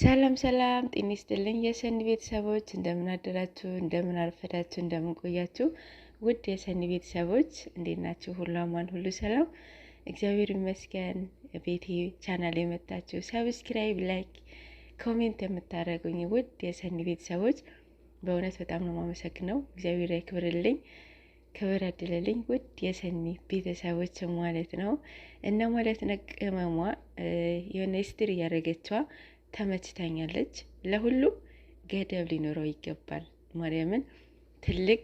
ሰላም ሰላም፣ ጤና ይስጥልኝ የሰኒ ቤተሰቦች፣ እንደምን አደራችሁ፣ እንደምን አረፈዳችሁ፣ እንደምን ቆያችሁ? ውድ የሰኒ ቤተሰቦች እንዴት ናችሁ? ሁሉ አማን፣ ሁሉ ሰላም፣ እግዚአብሔር ይመስገን። ቤቴ ቻናል የመጣችሁ ሰብስክራይብ፣ ላይክ፣ ኮሜንት የምታደርጉኝ ውድ የሰኒ ቤተሰቦች በእውነት በጣም ነው የማመሰግነው። እግዚአብሔር ያክብርልኝ ክብር ያድልልኝ ውድ የሰኒ ቤተሰቦች ማለት ነው እና ማለት ነው ቅመሟ የሆነ ስትር እያደረገችዋ ተመችታኛለች። ለሁሉም ገደብ ሊኖረው ይገባል። ማርያምን ትልቅ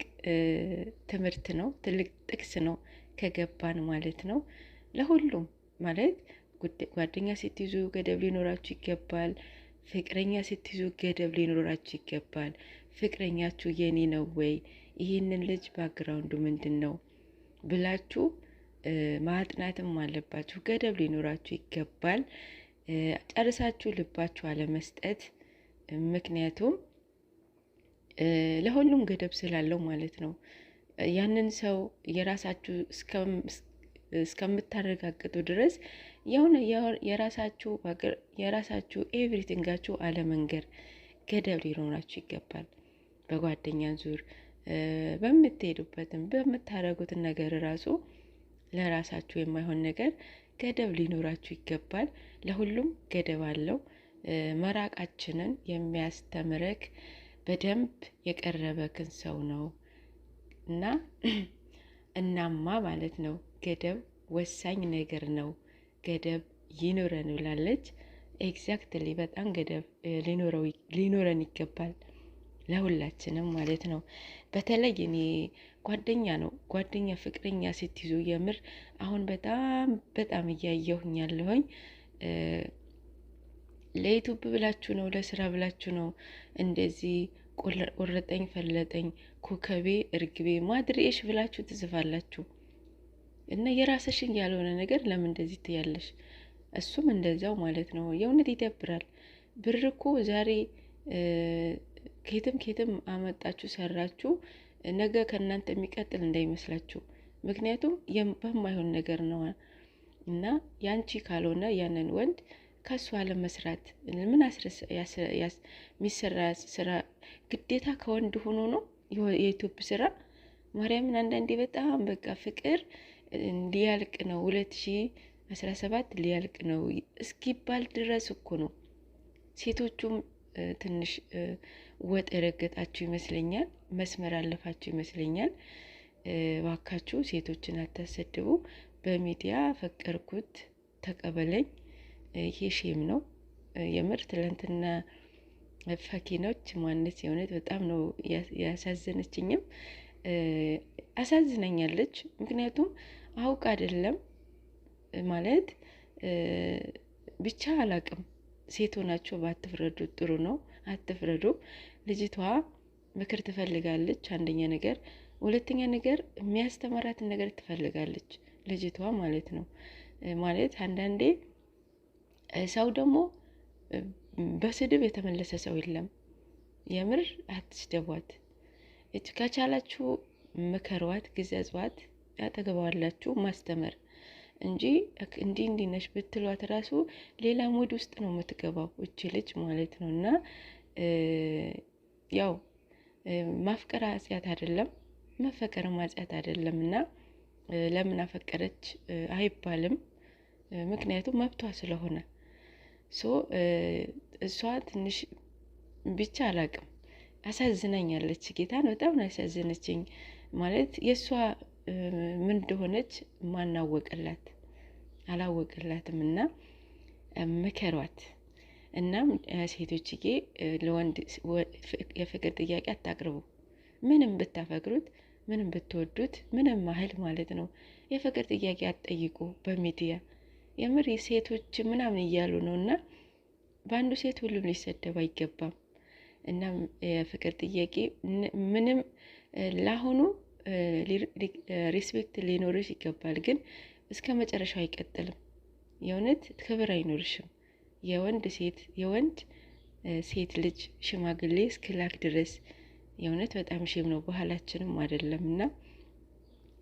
ትምህርት ነው፣ ትልቅ ጥቅስ ነው ከገባን ማለት ነው። ለሁሉም ማለት ጓደኛ ስትይዙ ገደብ ሊኖራችሁ ይገባል። ፍቅረኛ ስትይዙ ገደብ ሊኖራችሁ ይገባል። ፍቅረኛችሁ የኔ ነው ወይ? ይህንን ልጅ ባግራውንዱ ምንድን ነው ብላችሁ ማጥናትም አለባችሁ። ገደብ ሊኖራችሁ ይገባል። ጨርሳችሁ ልባችሁ አለመስጠት። ምክንያቱም ለሁሉም ገደብ ስላለው ማለት ነው። ያንን ሰው የራሳችሁ እስከምታረጋግጡ ድረስ የሆነ የራሳችሁ የራሳችሁ ኤቭሪቲንጋችሁ አለመንገር ገደብ ሊኖራችሁ ይገባል። በጓደኛ ዙር በምትሄዱበትም በምታደርጉትን ነገር ራሱ ለራሳችሁ የማይሆን ነገር ገደብ ሊኖራችሁ ይገባል። ለሁሉም ገደብ አለው። መራቃችንን የሚያስተምረክ በደንብ የቀረበክን ሰው ነው እና እናማ ማለት ነው ገደብ ወሳኝ ነገር ነው። ገደብ ይኖረን ብላለች። ኤግዛክትሊ በጣም ገደብ ሊኖረን ይገባል ለሁላችንም ማለት ነው። በተለይ እኔ ጓደኛ ነው። ጓደኛ ፍቅረኛ ስትይዙ የምር አሁን በጣም በጣም እያየሁኝ ያለሁኝ ለዩቱብ ብላችሁ ነው፣ ለስራ ብላችሁ ነው እንደዚህ ቆረጠኝ፣ ፈለጠኝ፣ ኮከቤ፣ እርግቤ፣ ማድሬሽ ብላችሁ ትጽፋላችሁ እና የራስሽን ያልሆነ ነገር ለምን እንደዚህ ትያለሽ? እሱም እንደዚያው ማለት ነው። የእውነት ይደብራል። ብር እኮ ዛሬ ኬትም ኬትም አመጣችሁ ሰራችሁ ነገ ከእናንተ የሚቀጥል እንዳይመስላችሁ። ምክንያቱም በማይሆን ነገር ነው እና ያንቺ ካልሆነ ያንን ወንድ ከእሷ ለመስራት ምን የሚሰራ ስራ ግዴታ ከወንድ ሆኖ ነው የኢትዮፕ ስራ ማርያምን አንዳንዴ በጣም በቃ ፍቅር ሊያልቅ ነው ሁለት ሺ አስራ ሰባት ሊያልቅ ነው እስኪባል ድረስ እኮ ነው ሴቶቹም ትንሽ ወጥ የረገጣችሁ ይመስለኛል፣ መስመር አለፋችሁ ይመስለኛል። ባካችሁ ሴቶችን አታሰድቡ። በሚዲያ ፈቀርኩት ተቀበለኝ፣ ይሄ ሼም ነው የምር ትላንትና ፈኪኖች ማነት የሆነት በጣም ነው ያሳዘነችኝም አሳዝነኛለች። ምክንያቱም አውቅ አይደለም ማለት ብቻ አላቅም ሴት ሆናችሁ ባትፍረዱ ጥሩ ነው። አትፍረዱ። ልጅቷ ምክር ትፈልጋለች፣ አንደኛ ነገር። ሁለተኛ ነገር የሚያስተምራትን ነገር ትፈልጋለች ልጅቷ ማለት ነው። ማለት አንዳንዴ ሰው ደግሞ በስድብ የተመለሰ ሰው የለም። የምር አትስደቧት። ከቻላችሁ ምከሯት፣ ግዘዟት፣ ያጠገባዋላችሁ ማስተመር እንጂ እንዲህ እንዲህ ነሽ ብትሏት ራሱ ሌላ ሙድ ውስጥ ነው የምትገባው እች ልጅ ማለት ነው። እና ያው ማፍቀር አጽያት አይደለም፣ መፈቀርም ማጽያት አይደለም። እና ለምን አፈቀረች አይባልም፣ ምክንያቱም መብቷ ስለሆነ ሶ እሷ ትንሽ ብቻ አላቅም አሳዝናኛለች። ጌታን በጣም ነው ያሳዝነችኝ ማለት የእሷ ምን እንደሆነች ማናወቅላት አላወቅላትም እና ምከሯት። እናም ሴቶችዬ ለወንድ የፍቅር ጥያቄ አታቅርቡ። ምንም ብታፈቅሩት፣ ምንም ብትወዱት፣ ምንም ማህል ማለት ነው የፍቅር ጥያቄ አትጠይቁ በሚዲያ የምር ሴቶች ምናምን እያሉ ነው እና በአንዱ ሴት ሁሉም ሊሰደብ አይገባም። እናም የፍቅር ጥያቄ ምንም ላሁኑ ሪስፔክት ሊኖርሽ ይገባል። ግን እስከ መጨረሻው አይቀጥልም። የእውነት ክብር አይኖርሽም። የወንድ ሴት የወንድ ሴት ልጅ ሽማግሌ እስክላክ ድረስ የእውነት በጣም ሼም ነው፣ ባህላችንም አይደለም እና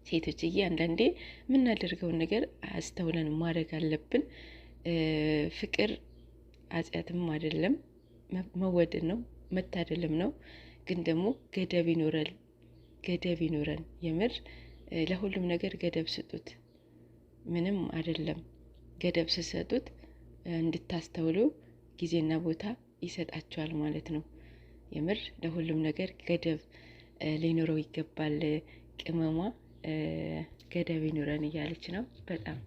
ሴቶችዬ አንዳንዴ የምናደርገውን ነገር አስተውለን ማድረግ አለብን። ፍቅር አጽያትም አይደለም፣ መወደድ ነው፣ መታደልም ነው። ግን ደግሞ ገደብ ይኖራል። ገደብ ይኑረን። የምር ለሁሉም ነገር ገደብ ስጡት። ምንም አይደለም፣ ገደብ ስሰጡት እንድታስተውሉ ጊዜና ቦታ ይሰጣችኋል ማለት ነው። የምር ለሁሉም ነገር ገደብ ሊኖረው ይገባል። ቅመሟ ገደብ ይኑረን እያለች ነው በጣም